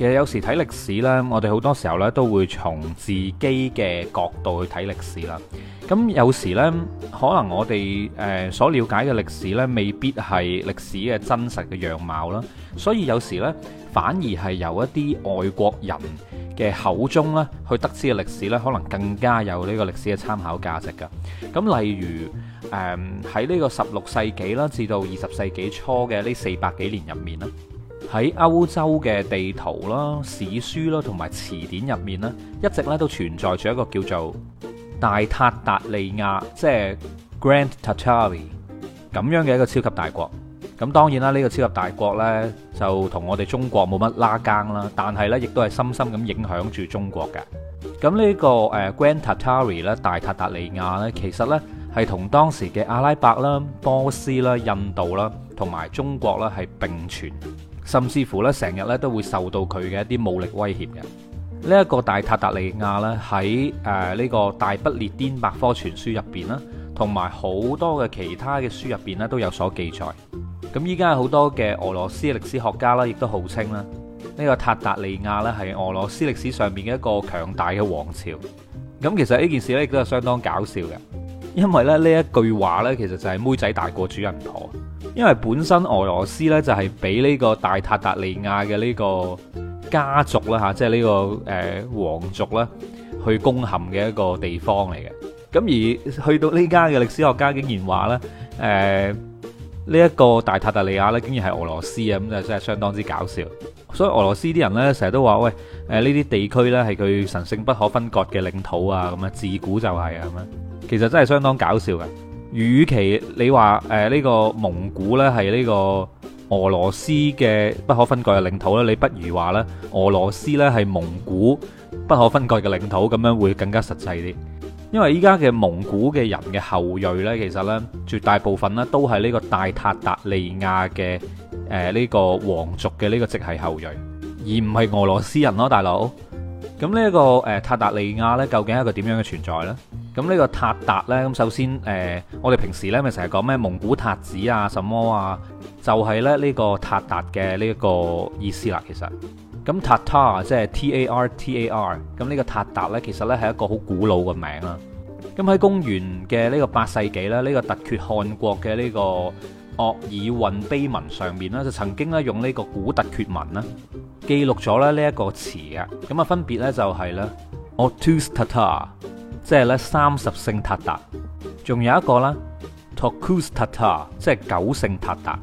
其實有時睇歷史呢，我哋好多時候呢都會從自己嘅角度去睇歷史啦。咁有時呢，可能我哋誒所了解嘅歷史呢，未必係歷史嘅真實嘅樣貌啦。所以有時呢，反而係由一啲外國人嘅口中呢去得知嘅歷史呢，可能更加有呢個歷史嘅參考價值㗎。咁例如誒喺呢個十六世紀啦，至到二十世紀初嘅呢四百幾年入面啦。喺歐洲嘅地圖啦、史書啦，同埋詞典入面呢，一直咧都存在住一個叫做大塔達利亞，即係 Grand Tartary 咁樣嘅一個超級大國。咁當然啦，呢、呢個超級大國呢，就同我哋中國冇乜拉更啦，但係呢亦都係深深咁影響住中國嘅。咁呢個誒 Grand Tartary 咧，大塔達利亞呢，其實呢係同當時嘅阿拉伯啦、波斯啦、印度啦，同埋中國啦係並存甚至乎咧，成日咧都會受到佢嘅一啲武力威脅嘅呢一個大塔達利亞咧，喺誒呢個《大不列顛百科全書》入邊啦，同埋好多嘅其他嘅書入邊咧都有所記載。咁依家好多嘅俄羅斯歷史學家啦，亦都號稱啦呢個塔達利亞咧係俄羅斯歷史上面嘅一個強大嘅王朝。咁其實呢件事咧亦都係相當搞笑嘅。因為咧，呢一句話呢，其實就係妹仔大過主人婆。因為本身俄羅斯呢，就係俾呢個大塔達利亞嘅呢個家族啦吓、啊，即係、這個呃、呢個誒皇族啦去攻陷嘅一個地方嚟嘅。咁而去到呢家嘅歷史學家竟然話誒呢一、呃這個大塔達利亞呢竟然係俄羅斯啊，咁就真係相當之搞笑。所以俄羅斯啲人呢，成日都話喂，誒呢啲地區呢，係佢神聖不可分割嘅領土啊，咁樣自古就係啊，咁樣其實真係相當搞笑嘅。與其你話誒呢個蒙古呢，係呢個俄羅斯嘅不可分割嘅領土呢，你不如話呢俄羅斯呢，係蒙古不可分割嘅領土，咁樣會更加實際啲。因為依家嘅蒙古嘅人嘅後裔呢，其實呢，絕大部分呢，都係呢個大塔達利亞嘅。誒、這、呢個皇族嘅呢個直係後裔，而唔係俄羅斯人咯、啊，大佬。咁、這個呃、呢個個塔達利亞究竟係一個點樣嘅存在呢？咁呢個塔達呢，咁首先誒、呃，我哋平時呢咪成日講咩蒙古塔子啊、什麼啊，就係咧呢個塔達嘅呢個個意思啦。其實，咁塔塔，即係 T A R T A R，咁呢個塔達呢，其實呢係一個好古老嘅名啦。咁喺公元嘅呢個八世紀咧，呢、這個突厥汗國嘅呢、這個。鄂爾渾碑文上面咧就曾經咧用呢個古突厥文咧記錄咗咧呢一個詞啊，咁啊分別咧就係咧，Otus Tata，即係咧三十姓塔達，仲有一個咧 Tocus Tata 即係九姓塔達，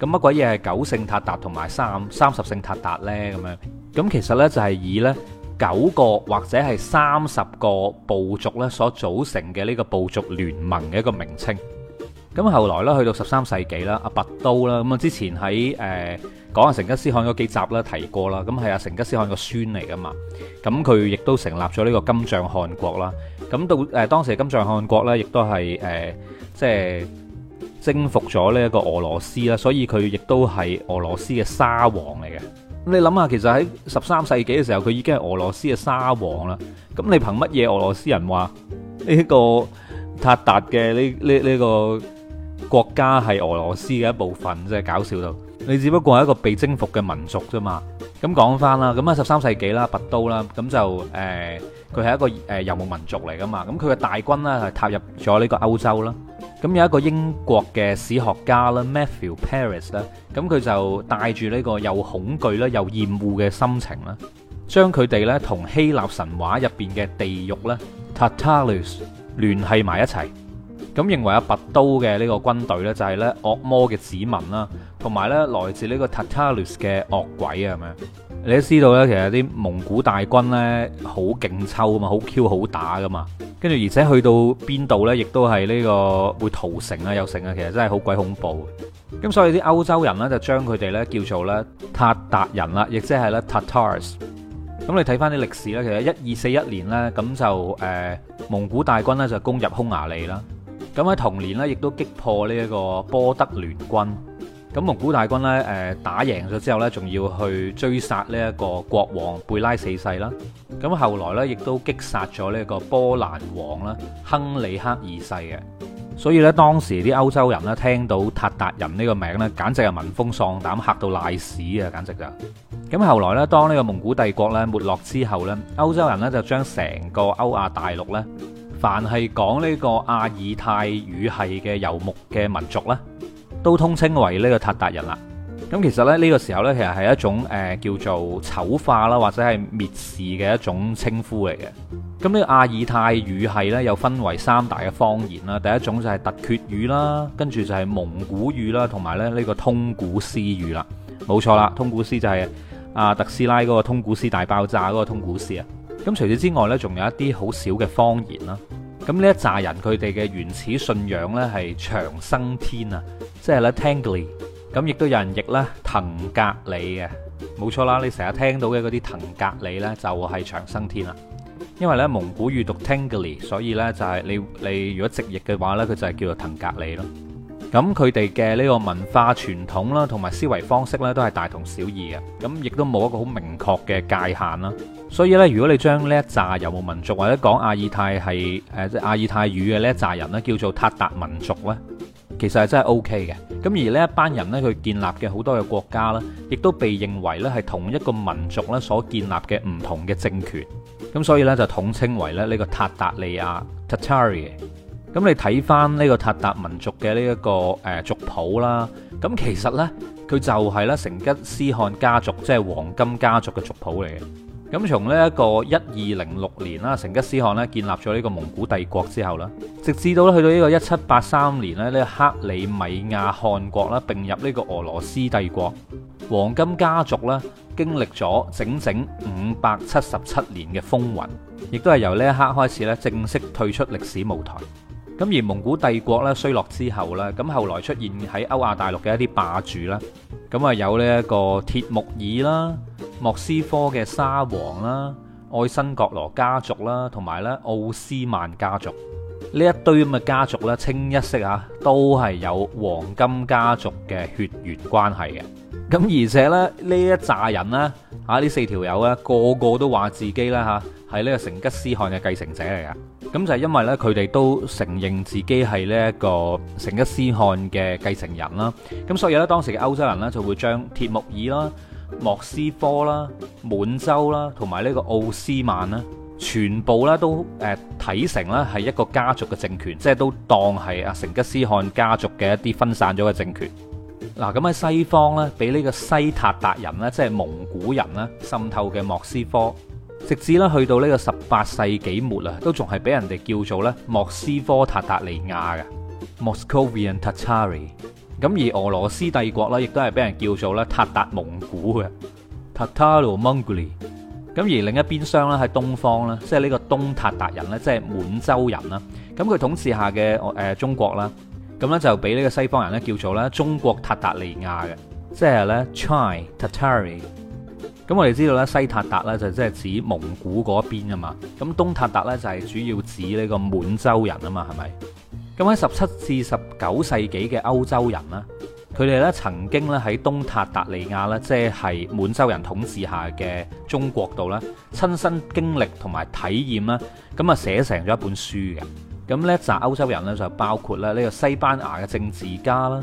咁乜鬼嘢係九姓塔達同埋三三十姓塔達咧？咁樣，咁其實咧就係以咧九個或者係三十個部族咧所組成嘅呢個部族聯盟嘅一個名稱。咁後來啦，去到十三世紀啦，阿拔都啦，咁啊之前喺誒講阿成吉思汗嗰幾集啦提過啦，咁係阿成吉思汗個孫嚟噶嘛，咁佢亦都成立咗呢個金帳汗國啦。咁到誒當時金帳汗國咧，亦都係誒即係征服咗呢一個俄羅斯啦，所以佢亦都係俄羅斯嘅沙皇嚟嘅。你諗下，其實喺十三世紀嘅時候，佢已經係俄羅斯嘅沙皇啦。咁你憑乜嘢俄羅斯人話呢個韃靼嘅呢呢呢個？國家係俄羅斯嘅一部分，真係搞笑到你，只不過係一個被征服嘅民族啫嘛。咁講翻啦，咁啊十三世紀啦，拔都啦，咁就誒，佢、呃、係一個、呃、游牧民族嚟噶嘛。咁佢嘅大軍呢，係踏入咗呢個歐洲啦。咁有一個英國嘅史學家啦 Matthew Paris 啦，咁佢就帶住呢個又恐懼啦又厭惡嘅心情啦，將佢哋咧同希臘神話入面嘅地獄咧 Tartarus 聯繫埋一齊。咁認為阿拔都嘅呢個軍隊咧，就係咧惡魔嘅子民啦，同埋咧來自呢個 Tartarus 嘅惡鬼啊，係咪？你都知道咧，其實啲蒙古大軍咧好勁抽啊嘛，好 Q 好打噶嘛，跟住而且去到邊度咧，亦都係呢個會屠城啊，有城啊，其實真係好鬼恐怖。咁所以啲歐洲人咧就將佢哋咧叫做咧塔達人啦，亦即係咧 Tartars。咁你睇翻啲歷史咧，其實一二四一年咧，咁就誒蒙古大軍咧就攻入匈牙利啦。咁喺同年咧，亦都擊破呢一個波德聯軍。咁蒙古大軍咧，誒打贏咗之後咧，仲要去追殺呢一個國王貝拉四世啦。咁後來咧，亦都擊殺咗呢一個波蘭王啦，亨里克二世嘅。所以咧，當時啲歐洲人咧聽到韃靼人呢個名咧，簡直係聞風喪膽，嚇到瀨屎啊！簡直就咁。後來咧，當呢個蒙古帝國咧沒落之後咧，歐洲人咧就將成個歐亞大陸咧，凡係講呢個阿爾泰語系嘅游牧嘅民族呢，都通稱為呢個塔達人啦。咁其實咧呢、呢個時候呢，其實係一種誒、呃、叫做醜化啦，或者係蔑視嘅一種稱呼嚟嘅。咁呢個阿爾泰語系呢，又分為三大嘅方言啦。第一種就係突厥語啦，跟住就係蒙古語啦，同埋咧呢個通古斯語啦。冇錯啦，通古斯就係阿、啊、特斯拉嗰個通古斯大爆炸嗰個通古斯啊。咁除此之外呢，仲有一啲好少嘅方言啦。咁呢一紮人佢哋嘅原始信仰呢，係長生天啊，即係咧 Tengri。咁亦都有人譯啦騰格里嘅，冇錯啦。你成日聽到嘅嗰啲騰格里呢，就係長生天啦。因為呢，蒙古語讀 Tengri，所以呢、就是，就係你你如果直譯嘅話呢，佢就係叫做騰格里咯。咁佢哋嘅呢個文化傳統啦，同埋思維方式呢，都係大同小異嘅。咁亦都冇一個好明確嘅界限啦。所以呢，如果你將呢一紮遊牧民族或者講阿爾泰係誒阿爾泰語嘅呢一紮人呢，叫做塔達民族呢，其實係真係 OK 嘅。咁而呢一班人呢，佢建立嘅好多嘅國家啦，亦都被認為呢係同一個民族呢所建立嘅唔同嘅政權。咁所以呢，就統稱為咧、這、呢個塔達利亞 （Tataria）。塔塔咁你睇翻呢個塔達民族嘅呢一個誒族譜啦，咁其實呢，佢就係咧成吉思汗家族，即係黃金家族嘅族譜嚟嘅。咁從呢一個一二零六年啦，成吉思汗呢建立咗呢個蒙古帝國之後呢，直至到去到呢個一七八三年呢，呢個克里米亞汗國啦並入呢個俄羅斯帝國，黃金家族咧經歷咗整整五百七十七年嘅風雲，亦都係由呢一刻開始呢正式退出歷史舞台。咁而蒙古帝國咧衰落之後咧，咁後來出現喺歐亞大陸嘅一啲霸主啦，咁啊有呢一個鐵木爾啦、莫斯科嘅沙皇啦、愛新覺羅家族啦，同埋咧奧斯曼家族，呢一堆咁嘅家族咧，清一色啊都係有黃金家族嘅血緣關係嘅。咁而且咧呢一紮人呢，吓呢四條友咧，個個都話自己啦吓係呢個成吉思汗嘅繼承者嚟㗎，咁就係因為呢，佢哋都承認自己係呢一個成吉思汗嘅繼承人啦，咁所以呢，當時嘅歐洲人呢，就會將鐵木爾啦、莫斯科啦、滿洲啦同埋呢個奧斯曼啦，全部呢都誒、呃、睇成啦，係一個家族嘅政權，即係都當係阿成吉思汗家族嘅一啲分散咗嘅政權。嗱，咁喺西方呢，俾呢個西塔達人呢，即係蒙古人呢，滲透嘅莫斯科。直至咧去到呢個十八世紀末啊，都仲係俾人哋叫做咧莫斯科塔達利亞嘅 Moscowian Tatarie。咁而俄羅斯帝國咧，亦都係俾人叫做咧塔達蒙古嘅 Tataro Mongoly。咁而另一邊廂咧，喺東方咧，即係呢個東塔達人咧，即係滿洲人啦。咁佢統治下嘅誒中國啦，咁咧就俾呢個西方人咧叫做咧中國塔達利亞嘅，即係咧 China Tatarie。咁我哋知道咧，西塔達咧就即係指蒙古嗰邊噶嘛，咁東塔達咧就係主要指呢個滿洲人啊嘛，係咪？咁喺十七至十九世紀嘅歐洲人啦，佢哋咧曾經咧喺東塔達利亞咧，即係滿洲人統治下嘅中國度啦，親身經歷同埋體驗啦，咁啊寫成咗一本書嘅。咁呢一紮歐洲人咧就包括咧呢個西班牙嘅政治家啦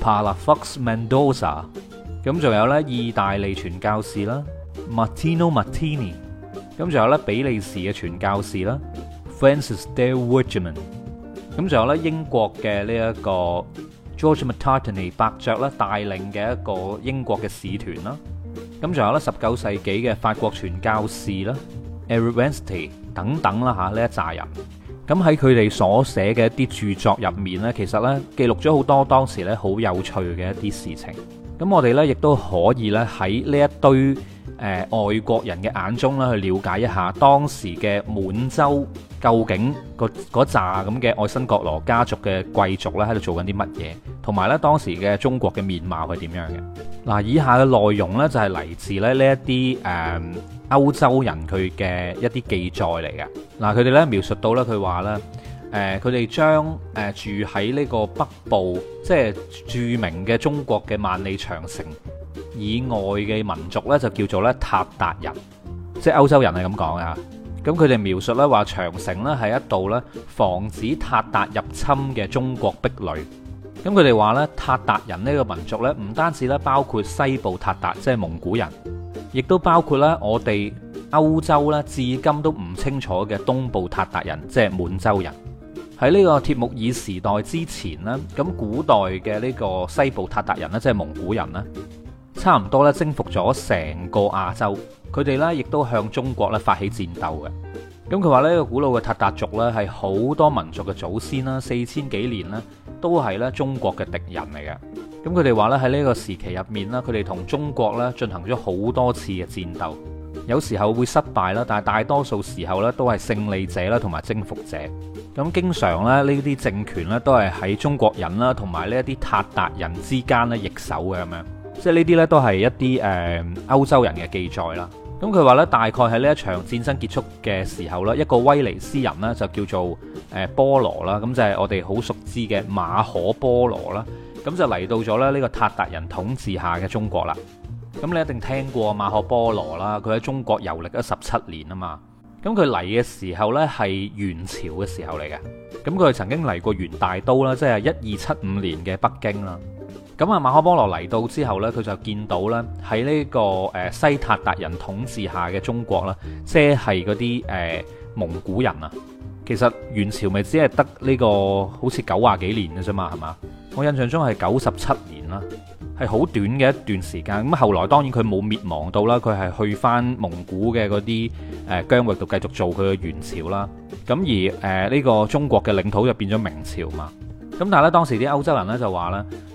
Palafox Mendoza。咁仲有咧，意大利傳教士啦，Martino Martini；咁仲有咧，比利時嘅傳教士啦，Francis de Wachman；咁仲有咧，英國嘅呢一個 George Macartney 伯爵啦，帶領嘅一個英國嘅使團啦。咁仲有咧，十九世紀嘅法國傳教士啦，Évariste 等等啦嚇呢一紮人。咁喺佢哋所寫嘅一啲著作入面咧，其實咧記錄咗好多當時咧好有趣嘅一啲事情。咁我哋呢亦都可以呢喺呢一堆外國人嘅眼中呢去了解一下當時嘅滿洲究竟嗰扎咁嘅愛新覺羅家族嘅貴族呢喺度做緊啲乜嘢？同埋呢當時嘅中國嘅面貌係點樣嘅？嗱，以下嘅內容呢就係嚟自咧呢一啲誒歐洲人佢嘅一啲記載嚟嘅。嗱，佢哋呢描述到呢，佢話呢。誒，佢哋將誒住喺呢個北部，即係著名嘅中國嘅萬里長城以外嘅民族呢就叫做咧塔達人，即係歐洲人係咁講㗎。咁佢哋描述呢話，長城呢係一道咧防止塔達入侵嘅中國壁壘。咁佢哋話呢，「塔達人」呢個民族呢唔單止咧包括西部塔達，即係蒙古人，亦都包括呢我哋歐洲呢至今都唔清楚嘅東部塔達人，即係滿洲人。喺呢個鐵木爾時代之前呢，咁古代嘅呢個西部塔達人呢，即係蒙古人呢差唔多呢征服咗成個亞洲，佢哋呢亦都向中國呢發起戰鬥嘅。咁佢話呢個古老嘅塔達族呢，係好多民族嘅祖先啦，四千幾年呢，都係呢中國嘅敵人嚟嘅。咁佢哋話呢，喺呢個時期入面呢，佢哋同中國呢進行咗好多次嘅戰鬥。有時候會失敗啦，但係大多數時候咧都係勝利者啦，同埋征服者。咁經常咧呢啲政權咧都係喺中國人啦，同埋呢一啲塔達人之間咧易手嘅咁樣。即係呢啲咧都係一啲誒歐洲人嘅記載啦。咁佢話咧大概喺呢一場戰爭結束嘅時候啦，一個威尼斯人呢就叫做誒波羅啦，咁就係我哋好熟知嘅馬可波羅啦。咁就嚟到咗咧呢個塔達人統治下嘅中國啦。咁你一定聽過馬可波羅啦，佢喺中國遊歷咗十七年啊嘛。咁佢嚟嘅時候呢，係元朝嘅時候嚟嘅。咁佢曾經嚟過元大都啦，即係一二七五年嘅北京啦。咁啊，馬可波羅嚟到之後呢，佢就見到呢喺呢個誒西塔達人統治下嘅中國啦，即係嗰啲誒蒙古人啊。其實元朝咪只係得呢個好似九廿幾年嘅啫嘛，係嘛？我印象中係九十七年啦。係好短嘅一段時間，咁後來當然佢冇滅亡到啦，佢係去翻蒙古嘅嗰啲誒疆域度繼續做佢嘅元朝啦。咁而誒呢個中國嘅領土就變咗明朝嘛。咁但係咧當時啲歐洲人咧就話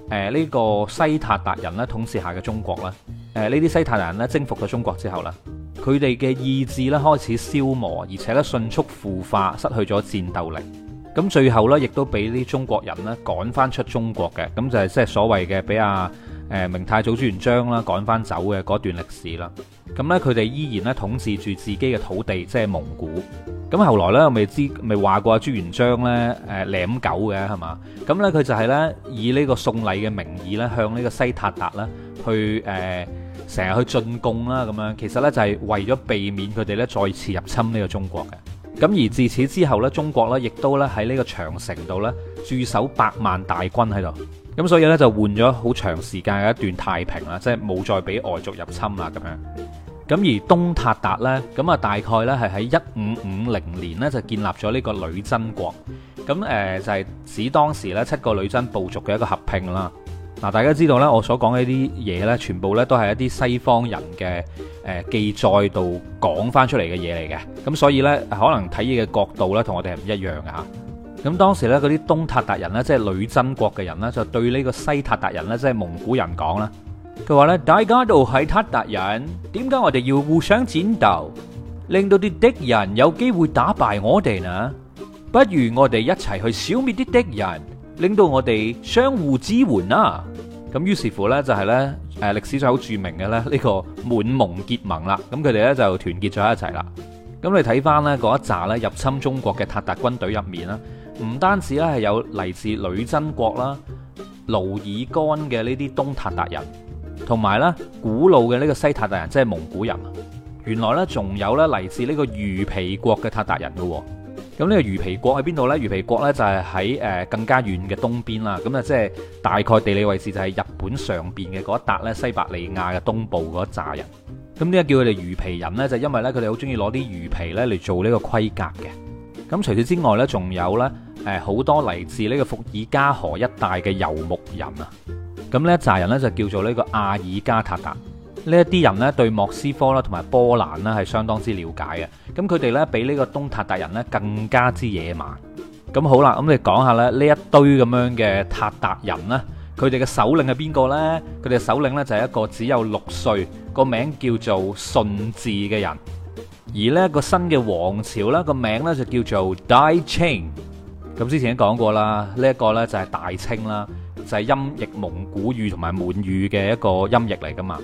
咧誒呢個西塔達人咧統治下嘅中國咧，誒呢啲西塔達人咧征服咗中國之後呢，佢哋嘅意志咧開始消磨，而且咧迅速腐化，失去咗戰鬥力。咁最後咧亦都俾啲中國人咧趕翻出中國嘅，咁就係即係所謂嘅比亞誒明太祖朱元璋啦，趕翻走嘅嗰段歷史啦，咁呢，佢哋依然呢統治住自己嘅土地，即係蒙古。咁後來呢，我未知未話過朱元璋呢誒舐狗嘅係嘛？咁呢，佢就係呢以呢個送禮嘅名義呢，向呢個西塔達啦去誒成日去進貢啦咁樣。其實呢，就係為咗避免佢哋呢再次入侵呢個中國嘅。咁而自此之後呢，中國呢亦都呢喺呢個長城度呢，駐守百萬大軍喺度。咁所以呢，就換咗好長時間嘅一段太平啦，即係冇再俾外族入侵啦咁樣。咁而東塔達呢，咁啊大概呢，係喺一五五零年呢，就建立咗呢個女真國。咁誒就係、是、指當時呢七個女真部族嘅一個合併啦。嗱，大家知道呢，我所講嘅啲嘢呢，全部呢都係一啲西方人嘅誒記載度講翻出嚟嘅嘢嚟嘅。咁所以呢，可能睇嘢嘅角度呢，同我哋係唔一樣嘅嚇。咁當時咧，嗰啲東塔達人咧，即係女真國嘅人呢，就對呢個西塔達人呢，即係蒙古人講啦。佢話呢，大家都係塔達人，點解我哋要互相戰鬥，令到啲敵人有機會打敗我哋呢？不如我哋一齊去消滅啲敵人，令到我哋相互支援啦。咁於是乎呢就係呢誒歷史上好著名嘅咧，呢個滿蒙結盟啦。咁佢哋呢就團結咗一齊啦。咁你睇翻呢嗰一紮呢入侵中國嘅塔達軍隊入面啦。唔單止咧係有嚟自女真國啦、努爾干嘅呢啲東韃靼人，同埋咧古老嘅呢個西韃靼人，即係蒙古人。原來咧仲有咧嚟自呢個魚皮國嘅韃靼人嘅喎。咁呢個魚皮國喺邊度咧？魚皮國咧就係喺誒更加遠嘅東邊啦。咁啊，即係大概地理位置就係日本上邊嘅嗰一笪咧西伯利亞嘅東部嗰一揸人。咁點解叫佢哋魚皮人咧，就是、因為咧佢哋好中意攞啲魚皮咧嚟做呢個盔甲嘅。咁除此之外呢，仲有呢，誒好多嚟自呢個伏爾加河一帶嘅遊牧人啊！咁呢一紮人呢，就叫做呢個亞爾加塔達。呢一啲人呢，對莫斯科啦同埋波蘭啦係相當之了解嘅。咁佢哋呢，比呢個東塔達人呢更加之野蠻。咁好啦，咁你講下咧呢一堆咁樣嘅塔達人呢，佢哋嘅首領係邊個呢？佢哋嘅首領呢，就係一個只有六歲，個名叫做順治嘅人。而呢一個新嘅王朝呢個名呢，就叫做大清。咁之前已經講過啦，呢、這、一個呢就係大清啦，就係音譯蒙古語同埋滿語嘅一個音譯嚟㗎嘛。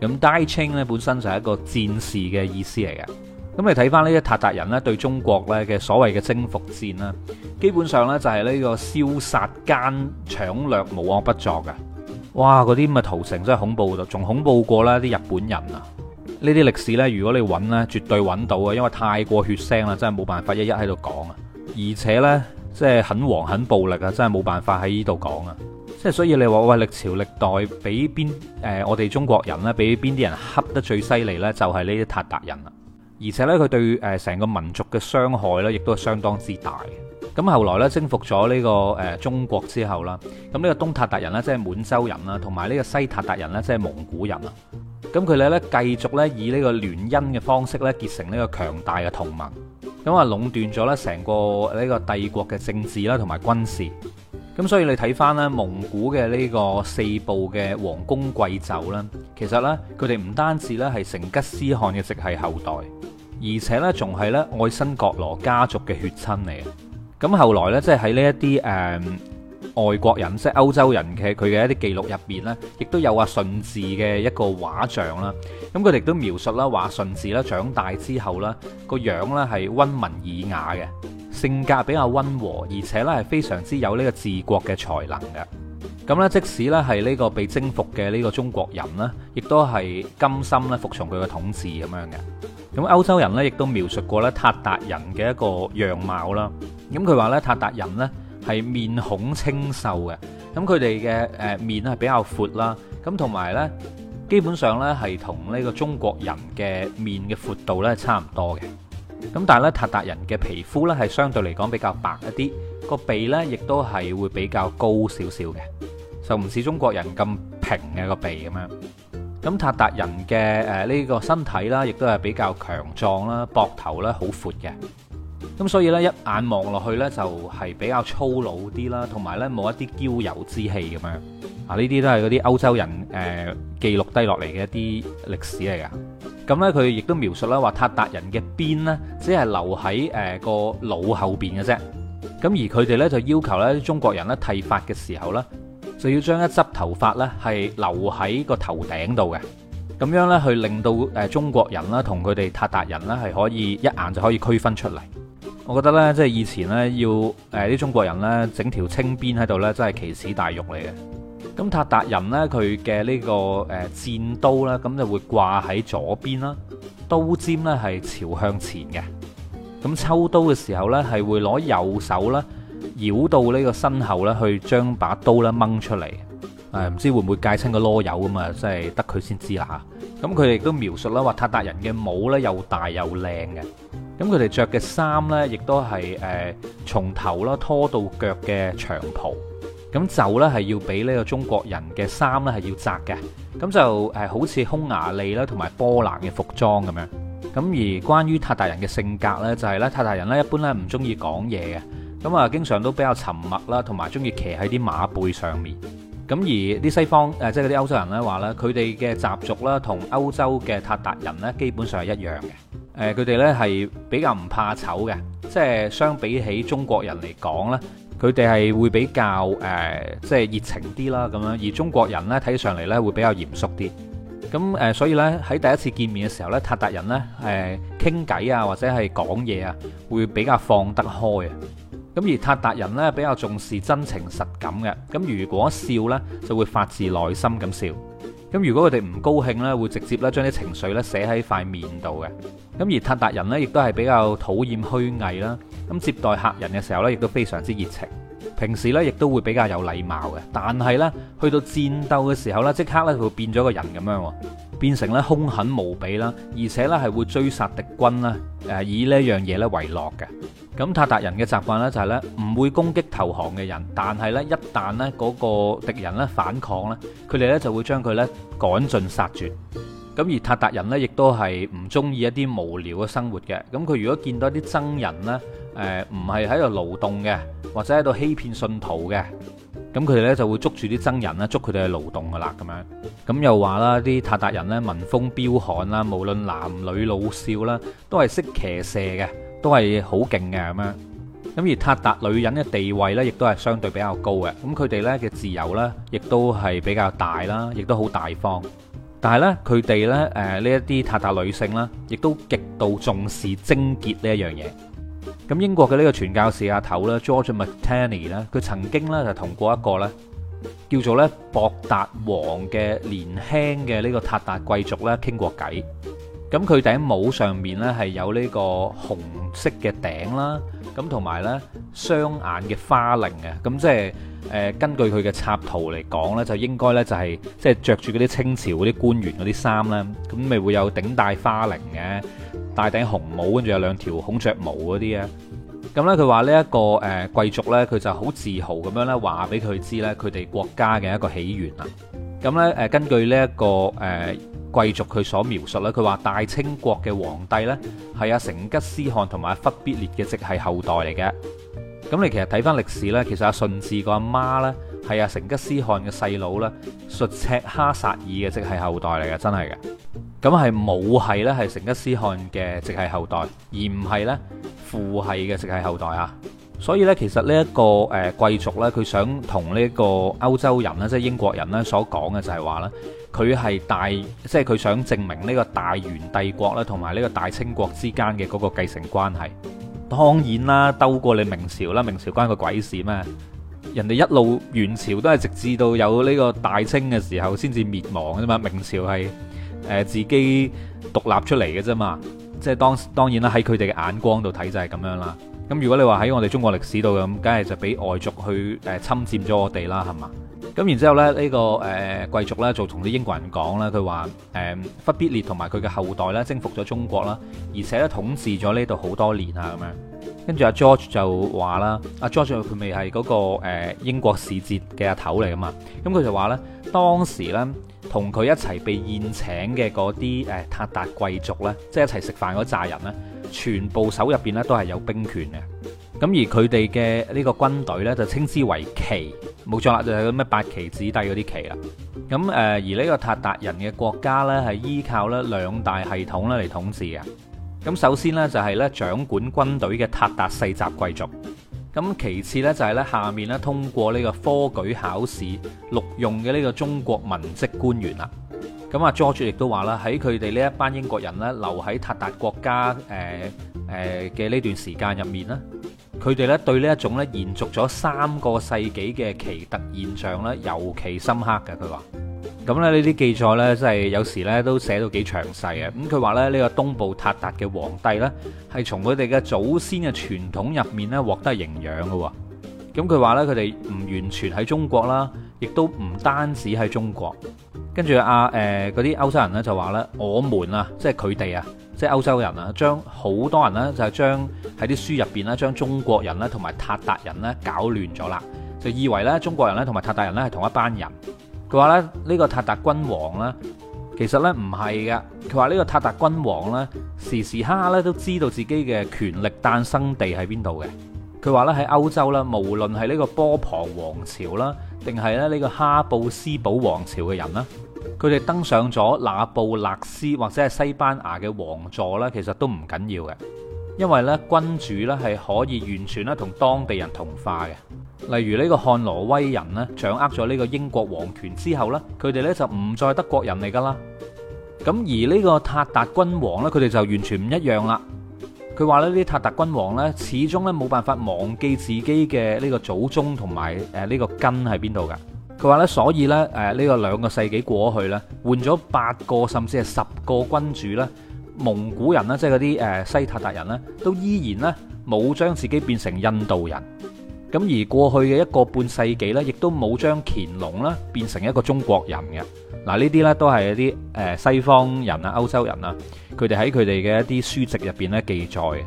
咁大清呢本身就係一個戰士嘅意思嚟嘅。咁你睇返呢啲韃靼人呢對中國呢嘅所謂嘅征服戰啦，基本上呢就係呢個燒殺奸搶掠，無惡不作㗎。哇！嗰啲咁嘅屠城真係恐怖到，仲恐怖過啦啲日本人啊！呢啲歷史呢，如果你揾呢，絕對揾到啊！因為太過血腥啦，真係冇辦法一一喺度講啊。而且呢，即係很黃、很暴力啊，真係冇辦法喺呢度講啊。即係所以你話喂，歷朝歷代俾邊誒我哋中國人呢，俾邊啲人恰得最犀利呢，就係呢啲塔達人啦。而且呢，佢對誒成個民族嘅傷害呢，亦都係相當之大嘅！咁後來呢，征服咗呢個誒中國之後啦，咁呢個東塔達人呢，即係滿洲人啦，同埋呢個西塔達人呢，即係蒙古人啊。咁佢哋咧繼續咧以呢個聯姻嘅方式咧結成呢個強大嘅同盟，咁啊壟斷咗咧成個呢個帝國嘅政治啦同埋軍事。咁所以你睇翻咧蒙古嘅呢個四部嘅王公貴胄啦，其實咧佢哋唔單止咧係成吉思汗嘅直係後代，而且咧仲係咧愛新覺羅家族嘅血親嚟。咁後來咧即係喺呢一啲誒外國人即係歐洲人嘅佢嘅一啲記錄入邊呢，亦都有話順治嘅一個畫像啦。咁佢哋都描述啦，話順治呢長大之後呢個樣呢係温文爾雅嘅，性格比較温和，而且呢係非常之有呢個治國嘅才能嘅。咁呢，即使呢係呢個被征服嘅呢個中國人呢，亦都係甘心呢服從佢嘅統治咁樣嘅。咁歐洲人呢，亦都描述過呢韃靼人嘅一個樣貌啦。咁佢話呢韃靼人呢。係面孔清秀嘅，咁佢哋嘅誒面係比較闊啦，咁同埋呢，基本上呢係同呢個中國人嘅面嘅闊度咧差唔多嘅，咁但係咧，塔達人嘅皮膚呢係相對嚟講比較白一啲，個鼻呢亦都係會比較高少少嘅，就唔似中國人咁平嘅個鼻咁樣。咁塔達人嘅誒呢個身體啦，亦都係比較強壯啦，膊頭呢好闊嘅。咁所以呢，一眼望落去呢，就係比較粗魯啲啦，同埋呢冇一啲嬌柔之氣咁樣啊。呢啲都係嗰啲歐洲人誒記錄低落嚟嘅一啲歷史嚟㗎。咁呢，佢亦都描述啦，話，塔達人嘅辮呢，只係留喺誒個腦後邊嘅啫。咁而佢哋呢，就要求呢中國人呢剃髮嘅時候呢，就要將一執頭髮呢係留喺個頭頂度嘅，咁樣呢，去令到誒中國人啦同佢哋塔達人呢，係可以一眼就可以區分出嚟。我覺得咧，即係以前咧，要誒啲中國人咧整條青邊喺度咧，真係奇恥大辱嚟嘅。咁塔達人咧，佢嘅呢個誒戰刀呢，咁就會掛喺左邊啦，刀尖呢係朝向前嘅。咁抽刀嘅時候呢，係會攞右手呢，繞到呢個身後呢，去將把刀呢掹出嚟。誒、呃，唔知道會唔會界親個囉柚咁啊？即係得佢先知啊。咁佢亦都描述啦，話塔達人嘅帽呢又大又靚嘅。咁佢哋著嘅衫咧，亦都係誒從頭啦拖到腳嘅長袍。咁袖咧係要俾呢個中國人嘅衫咧係要窄嘅。咁就誒好似匈牙利啦同埋波蘭嘅服裝咁樣。咁而關於塔達人嘅性格咧，就係咧塔達人咧一般咧唔中意講嘢嘅。咁啊，經常都比較沉默啦，同埋中意騎喺啲馬背上面。咁而啲西方誒即係嗰啲歐洲人咧話咧，佢哋嘅習俗啦同歐洲嘅塔達人咧基本上係一樣嘅。誒佢哋咧係比較唔怕醜嘅，即係相比起中國人嚟講咧，佢哋係會比較誒、呃、即係熱情啲啦咁樣，而中國人呢，睇上嚟咧會比較嚴肅啲。咁誒所以呢，喺第一次見面嘅時候呢，韃靼人呢誒傾偈啊或者係講嘢啊，會比較放得開啊。咁而韃靼人呢，比較重視真情實感嘅，咁如果笑呢，就會發自內心咁笑。咁如果佢哋唔高興呢，會直接咧將啲情緒呢寫喺塊面度嘅。咁而韃靼人呢，亦都係比較討厭虛偽啦。咁接待客人嘅時候呢，亦都非常之熱情。平時咧亦都會比較有禮貌嘅，但係咧去到戰鬥嘅時候咧，即刻咧會變咗個人咁樣，變成咧兇狠無比啦，而且咧係會追殺敵軍啦，誒以呢一樣嘢咧為樂嘅。咁韃靼人嘅習慣咧就係咧唔會攻擊投降嘅人，但係咧一旦咧嗰個敵人咧反抗咧，佢哋咧就會將佢咧趕盡殺絕。咁而韃靼人咧亦都係唔鍾意一啲無聊嘅生活嘅。咁佢如果見到一啲僧人咧，誒唔係喺度勞動嘅。或者喺度欺騙信徒嘅，咁佢哋呢就會捉住啲僧人咧，捉佢哋去勞動噶啦，咁樣咁又話啦，啲塔達人呢民風彪悍啦，無論男女老少啦，都係識騎射嘅，都係好勁嘅咁樣。咁而塔達女人嘅地位呢，亦都係相對比較高嘅。咁佢哋呢嘅自由呢，亦都係比較大啦，亦都好大方。但係呢，佢哋呢，誒呢一啲塔達女性啦，亦都極度重視貞潔呢一樣嘢。咁英國嘅呢個傳教士阿頭咧，George McTenny 咧，佢曾經咧就同過一個咧叫做咧博達王嘅年輕嘅呢個塔達貴族咧傾過偈。咁佢頂帽上面呢，係有呢個紅色嘅頂啦，咁同埋呢雙眼嘅花翎嘅，咁即係誒根據佢嘅插圖嚟講呢就應該呢、就係，就係即係着住嗰啲清朝嗰啲官員嗰啲衫呢。咁咪會有頂戴花翎嘅，戴頂紅帽，跟住有兩條孔雀毛嗰啲啊。咁呢、這個，佢話呢一個誒貴族呢，佢就好自豪咁樣呢，話俾佢知呢，佢哋國家嘅一個起源啊！咁呢根據呢、這、一個誒、呃、貴族佢所描述呢，佢話大清國嘅皇帝呢係阿、啊、成吉思汗同埋、啊、忽必烈嘅直系後代嚟嘅。咁你其實睇翻歷史呢，其實阿、啊、順治個阿媽呢，係阿、啊、成吉思汗嘅細佬呢，術赤哈薩爾嘅直系後代嚟嘅，真係嘅。咁係母係呢，係成吉思汗嘅直系後代，而唔係呢，父系嘅直系後代啊。所以咧，其實呢一個誒貴族呢，佢想同呢個歐洲人，即係英國人呢所講嘅就係話呢，佢係大，即係佢想證明呢個大元帝國咧，同埋呢個大清國之間嘅嗰個繼承關係。當然啦，兜過你明朝啦，明朝關個鬼事咩？人哋一路元朝都係直至到有呢個大清嘅時候先至滅亡嘅嘛。明朝係誒自己獨立出嚟嘅啫嘛。即係當，當然啦，喺佢哋嘅眼光度睇就係咁樣啦。咁如果你話喺我哋中國歷史度咁，梗係就俾外族去誒、呃、侵佔咗我哋啦，係嘛？咁然之後咧，這個呃、貴呢個誒貴族咧就同啲英國人講啦，佢話誒忽必烈同埋佢嘅後代咧征服咗中國啦，而且咧統治咗呢度好多年啊咁樣。跟住阿 George 就話啦，阿、啊、George 佢咪係嗰個、呃、英國使節嘅阿頭嚟噶嘛？咁佢就話咧，當時咧同佢一齊被宴請嘅嗰啲誒韃靼貴族咧，即係一齊食飯嗰扎人咧。全部手入邊咧都係有兵權嘅，咁而佢哋嘅呢個軍隊呢，就稱之為旗，冇錯啦，就係嗰咩八旗子弟嗰啲旗啦。咁誒而呢個塔達人嘅國家呢，係依靠咧兩大系統咧嚟統治嘅。咁首先呢，就係咧掌管軍隊嘅塔達世襲貴族，咁其次呢，就係咧下面咧通過呢個科舉考試錄用嘅呢個中國文職官員啦。咁啊 George 亦都話啦，喺佢哋呢一班英國人呢，留喺塔達國家嘅呢、呃呃、段時間入面呢，佢哋呢對呢一種呢延續咗三個世紀嘅奇特現象呢，尤其深刻嘅。佢話：咁咧呢啲記載呢，真係有時呢都寫到幾詳細嘅。咁佢話咧，呢個東部塔達嘅皇帝呢，係從佢哋嘅祖先嘅傳統入面呢，獲得營養嘅。咁佢話呢，佢哋唔完全喺中國啦，亦都唔單止喺中國。跟住啊，誒嗰啲歐洲人咧就話咧，我們啊，即係佢哋啊，即係歐洲人啊，將好多人呢，就係將喺啲書入面呢，將中國人咧同埋塔達人咧搞亂咗啦，就以為咧中國人咧同埋塔達人咧係同一班人。佢話咧呢個塔達君王咧，其實咧唔係㗎。佢話呢個塔達君王咧時時刻刻咧都知道自己嘅權力誕生地喺邊度嘅。佢話咧喺歐洲啦，無論係呢個波旁王朝啦，定係咧呢個哈布斯堡王朝嘅人啦。佢哋登上咗那布勒斯或者係西班牙嘅王座呢，其實都唔緊要嘅，因為呢君主呢係可以完全呢同當地人同化嘅。例如呢個漢諾威人呢，掌握咗呢個英國皇權之後呢，佢哋呢就唔再德國人嚟噶啦。咁而呢個韃靼君王呢，佢哋就完全唔一樣啦。佢話咧呢啲韃靼君王呢，始終呢冇辦法忘記自己嘅呢個祖宗同埋誒呢個根喺邊度噶。佢話咧，所以咧，誒、這、呢個兩個世紀過去咧，換咗八個甚至係十個君主咧，蒙古人咧，即係嗰啲誒西塔達人咧，都依然咧冇將自己變成印度人。咁而過去嘅一個半世紀咧，亦都冇將乾隆啦變成一個中國人嘅。嗱，呢啲咧都係一啲誒西方人啊、歐洲人啊，佢哋喺佢哋嘅一啲書籍入邊咧記載。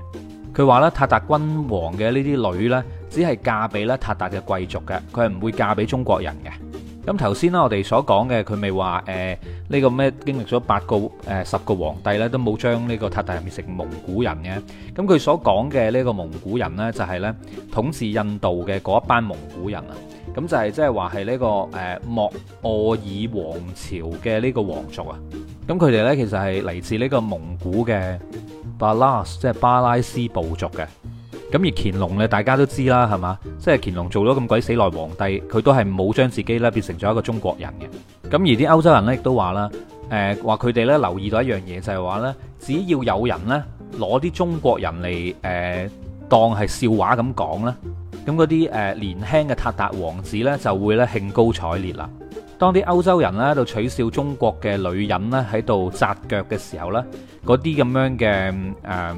佢話咧，塔達君王嘅呢啲女咧。只係嫁俾咧塔達嘅貴族嘅，佢係唔會嫁俾中國人嘅。咁頭先啦，我哋所講嘅佢咪話誒呢個咩經歷咗八個誒十個皇帝咧，都冇將呢個塔達變成蒙古人嘅。咁佢所講嘅呢個蒙古人呢，就係呢統治印度嘅嗰一班蒙古人啊。咁就係即係話係呢個誒莫阿爾王朝嘅呢個皇族啊。咁佢哋呢，其實係嚟自呢個蒙古嘅巴拉斯，即係巴拉斯部族嘅。咁而乾隆咧，大家都知啦，係嘛，即係乾隆做咗咁鬼死耐皇帝，佢都係冇將自己咧變成咗一個中國人嘅。咁而啲歐洲人咧，亦都話啦，誒，話佢哋咧留意到一樣嘢，就係話咧，只要有人咧攞啲中國人嚟誒當係笑話咁講啦，咁嗰啲誒年輕嘅韃靼王子咧就會咧興高采烈啦。當啲歐洲人咧喺度取笑中國嘅女人咧喺度紮腳嘅時候咧，嗰啲咁樣嘅誒、嗯、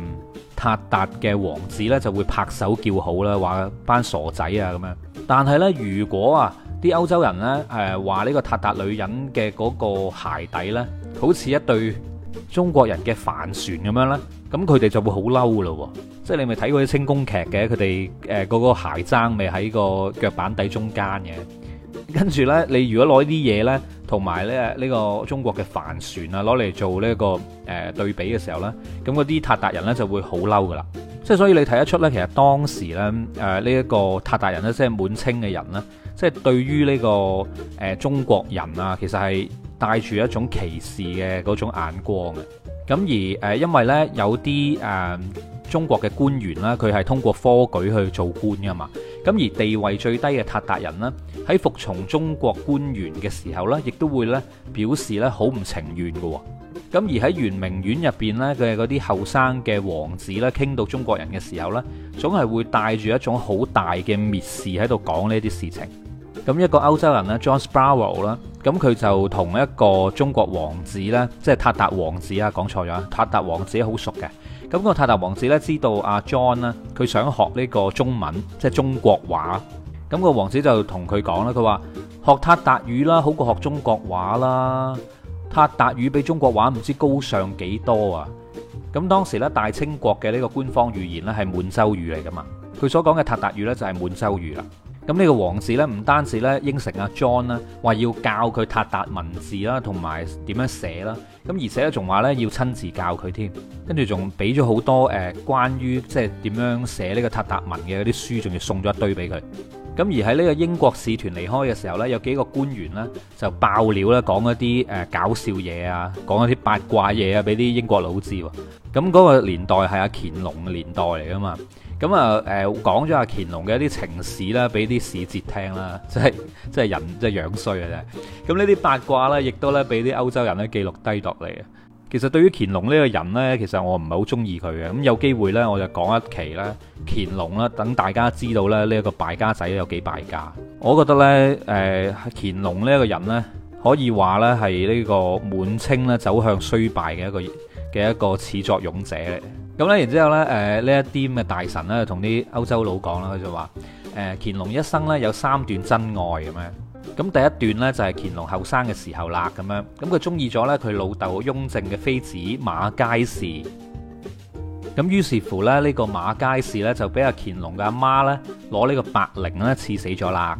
塔達嘅王子咧就會拍手叫好啦，話班傻仔啊咁樣。但係咧，如果啊啲歐洲人咧誒話呢個塔達女人嘅嗰個鞋底咧，好似一對中國人嘅帆船咁樣咧，咁佢哋就會好嬲噶咯。即係你咪睇過啲清宮劇嘅，佢哋誒嗰個鞋踭咪喺個腳板底中間嘅。跟住呢，你如果攞啲嘢呢，同埋呢個中國嘅帆船啊，攞嚟做呢、這個誒、呃、對比嘅時候呢，咁嗰啲韃靼人呢就會好嬲噶啦。即係所以你睇得出呢，其實當時呢，呢、呃、一、這個韃靼人呢，即係滿清嘅人呢，即係對於呢、這個、呃、中國人啊，其實係帶住一種歧視嘅嗰種眼光嘅。咁而誒、呃，因為呢，有啲誒、呃、中國嘅官員啦，佢係通過科舉去做官噶嘛。咁而地位最低嘅塔達人呢，喺服從中國官員嘅時候呢，亦都會呢，表示呢好唔情願嘅。咁而喺圓明園入邊，佢哋嗰啲後生嘅王子呢，傾到中國人嘅時候呢，總係會帶住一種好大嘅蔑視喺度講呢啲事情。咁一個歐洲人呢 John Barrow 啦，咁佢就同一個中國王子呢，即係塔達王子啊，講錯咗，塔達王子好熟嘅。咁個塔達王子咧知道阿 John 啦，佢想學呢個中文，即係中國話。咁個王子就同佢講啦，佢話學塔達語啦，好過學中國話啦。塔達語比中國話唔知高尚幾多啊！咁當時咧大清國嘅呢個官方語言咧係滿洲語嚟噶嘛，佢所講嘅塔達語咧就係滿洲語啦。咁呢個王子呢，唔單止呢應承阿 John 啦，話要教佢塔達文字啦，同埋點樣寫啦。咁而且仲話呢要親自教佢添，跟住仲俾咗好多誒關於即係點樣寫呢個塔達文嘅嗰啲書，仲要送咗一堆俾佢。咁而喺呢個英國使團離開嘅時候呢，有幾個官員呢，就爆料呢講一啲搞笑嘢啊，講一啲八卦嘢啊，俾啲英國佬知喎。咁、那、嗰個年代係阿乾隆嘅年代嚟噶嘛。咁啊，誒講咗阿乾隆嘅一啲情史啦，俾啲使節聽啦，即係即係人即係樣衰嘅啫。咁呢啲八卦呢，亦都呢俾啲歐洲人咧記錄低落嚟。其實對於乾隆呢個人呢，其實我唔係好中意佢嘅。咁有機會呢，我就講一期呢乾隆啦，等大家知道咧呢一個敗家仔有幾敗家。我覺得呢，誒乾隆呢個人呢，可以話呢，係呢個滿清呢走向衰敗嘅一個嘅一個始作俑者嚟。咁咧，然之後咧，呢一啲咁嘅大臣咧，同啲歐洲佬講啦，佢就話：乾隆一生咧有三段真愛咁樣，咁第一段咧就係乾隆後生嘅時候啦，咁樣，咁佢中意咗咧佢老豆雍正嘅妃子馬佳氏。咁於是乎咧，呢個馬佳氏咧就俾阿乾隆嘅阿媽咧攞呢個白綾咧刺死咗啦。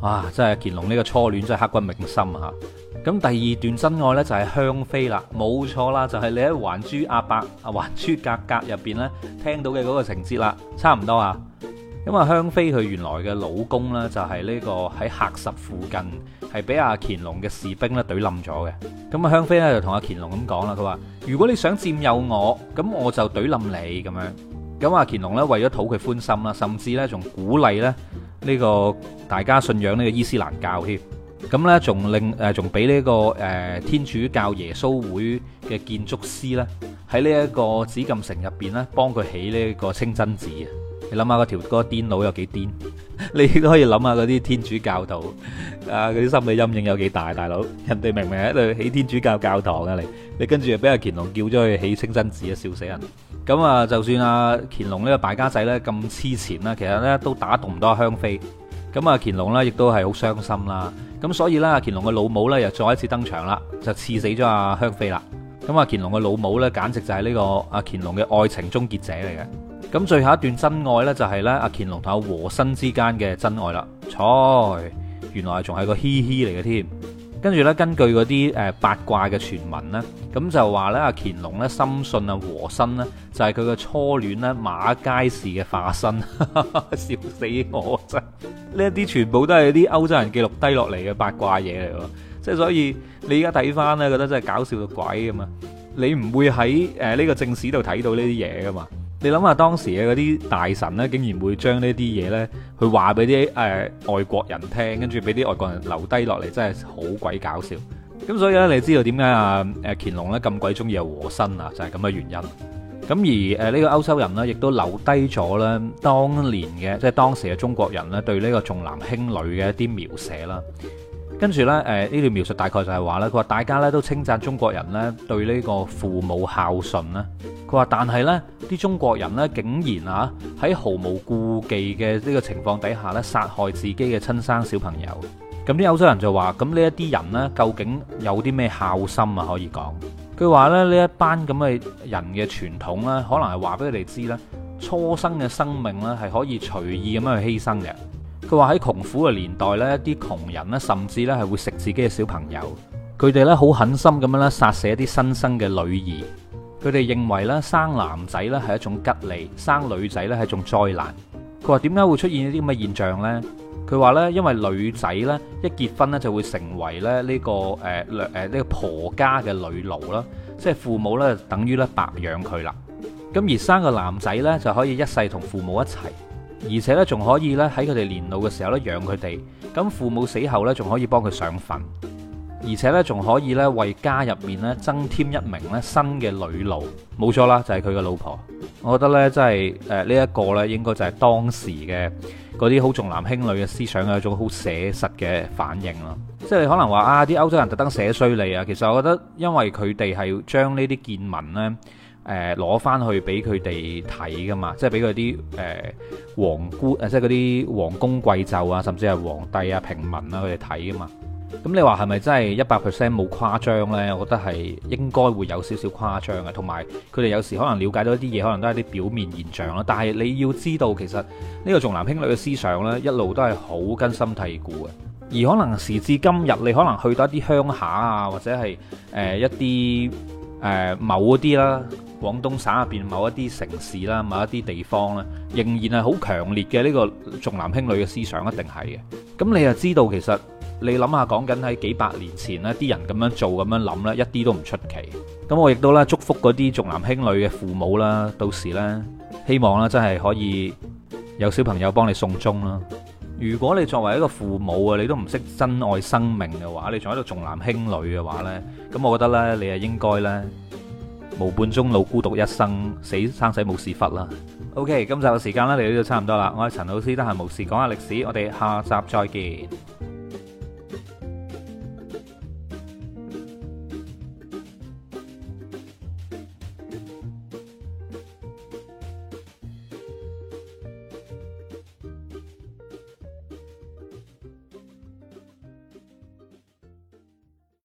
哇、啊！真係乾隆呢個初戀真係刻骨銘心啊！咁第二段真愛呢，就係、是、香妃啦，冇錯啦，就係、是、你喺《還珠阿伯》《阿還珠格格》入面呢聽到嘅嗰個情節啦，差唔多啊。咁啊，香妃佢原來嘅老公呢，就係、是、呢、這個喺喀什附近係俾阿乾隆嘅士兵呢懟冧咗嘅。咁啊，香妃呢，就同阿、啊、乾隆咁講啦，佢話如果你想佔有我，咁我就懟冧你咁樣。咁阿乾隆呢，為咗討佢歡心啦，甚至呢，仲鼓勵呢呢、這個大家信仰呢個伊斯蘭教添。咁咧，仲令誒，仲俾呢個誒天主教耶穌會嘅建築師咧，喺呢一個紫禁城入邊咧，幫佢起呢個清真寺啊！你諗下嗰條哥癲佬有幾癲？你都可以諗下嗰啲天主教徒啊，嗰啲心理陰影有幾大？大佬，人哋明明喺度起天主教教堂啊，你你跟住又俾阿乾隆叫咗去起清真寺啊，笑死人！咁啊，就算阿乾隆呢個敗家仔咧，咁黐纏啦，其實咧都打動唔到香妃。咁啊，乾隆咧亦都係好傷心啦。咁所以呢，阿乾隆嘅老母呢，又再一次登場啦，就刺死咗阿香妃啦。咁啊，乾隆嘅老母呢，簡直就係呢個阿乾隆嘅愛情終結者嚟嘅。咁最後一段真愛呢，就係呢阿乾隆同阿和珅之間嘅真愛啦。彩原來仲係個嘻嘻嚟嘅添。跟住呢，根據嗰啲、呃、八卦嘅傳聞呢，咁就話呢，阿乾隆呢深信啊和珅呢，就係佢嘅初戀呢，馬佳氏嘅化身，笑，笑死我真！呢一啲全部都係啲歐洲人記錄低落嚟嘅八卦嘢嚟喎，即係所以你而家睇翻呢，覺得真係搞笑到鬼咁嘛，你唔會喺呃、呢個正史度睇到呢啲嘢噶嘛？你諗下當時嘅嗰啲大臣咧，竟然會將呢啲嘢咧，去話俾啲誒外國人聽，跟住俾啲外國人留低落嚟，真係好鬼搞笑。咁所以呢，你知道點解啊？誒，乾隆咧咁鬼中意啊和珅啊，就係咁嘅原因。咁而誒呢、呃這個歐洲人呢，亦都留低咗呢當年嘅，即係當時嘅中國人呢，對呢個重男輕女嘅一啲描寫啦。跟住呢，誒、呃、呢段描述大概就係話呢，佢話大家呢都稱讚中國人呢對呢個父母孝順啦。話但係呢啲中國人咧，竟然吓喺毫無顧忌嘅呢個情況底下咧，殺害自己嘅親生小朋友。咁啲歐洲人就話，咁呢一啲人咧，究竟有啲咩孝心啊？可以講佢話咧，呢一班咁嘅人嘅傳統咧，可能係話俾佢哋知咧，初生嘅生命咧係可以隨意咁樣去犧牲嘅。佢話喺窮苦嘅年代呢啲窮人咧，甚至咧係會食自己嘅小朋友，佢哋咧好狠心咁樣咧殺死一啲新生嘅女兒。佢哋認為咧生男仔咧係一種吉利，生女仔咧係一種災難。佢話點解會出現呢啲咁嘅現象呢？佢話咧因為女仔咧一結婚咧就會成為咧、這、呢個誒誒呢個婆家嘅女奴啦，即係父母咧等於咧白養佢啦。咁而生個男仔咧就可以一世同父母一齊，而且咧仲可以咧喺佢哋年老嘅時候咧養佢哋。咁父母死後咧仲可以幫佢上墳。而且咧，仲可以咧，為家入面咧增添一名咧新嘅女奴。冇錯啦，就係佢嘅老婆。我覺得咧，真係呢一個呢應該就係當時嘅嗰啲好重男輕女嘅思想嘅一種好寫實嘅反應啦。即係你可能話啊，啲歐洲人特登寫衰你啊。其實我覺得，因為佢哋係將呢啲見聞呢誒攞翻去俾佢哋睇噶嘛，即係俾佢啲誒皇姑誒，即係嗰啲皇宮貴胄啊，甚至係皇帝啊、平民啊佢哋睇噶嘛。咁你話係咪真係一百 percent 冇誇張呢？我覺得係應該會有少少誇張嘅，同埋佢哋有時可能了解到一啲嘢，可能都係啲表面現象啦。但係你要知道，其實呢個重男輕女嘅思想呢，一路都係好根深蒂固嘅。而可能時至今日，你可能去到一啲鄉下啊，或者係誒、呃、一啲誒、呃、某嗰啲啦，廣東省入邊某一啲城市啦，某一啲地方啦，仍然係好強烈嘅呢個重男輕女嘅思想一定係嘅。咁你又知道其實？你諗下，講緊喺幾百年前咧，啲人咁樣做、咁樣諗咧，一啲都唔出奇。咁我亦都咧祝福嗰啲重男輕女嘅父母啦，到時咧希望咧真係可以有小朋友幫你送終啦。如果你作為一個父母啊，你都唔識珍愛生命嘅話，你仲喺度重男輕女嘅話咧，咁我覺得咧你係應該咧無伴終老，孤獨一生，死生仔冇屎忽啦。OK，今集嘅時間咧嚟到差唔多啦，我係陳老師，得閒無事講下歷史，我哋下集再見。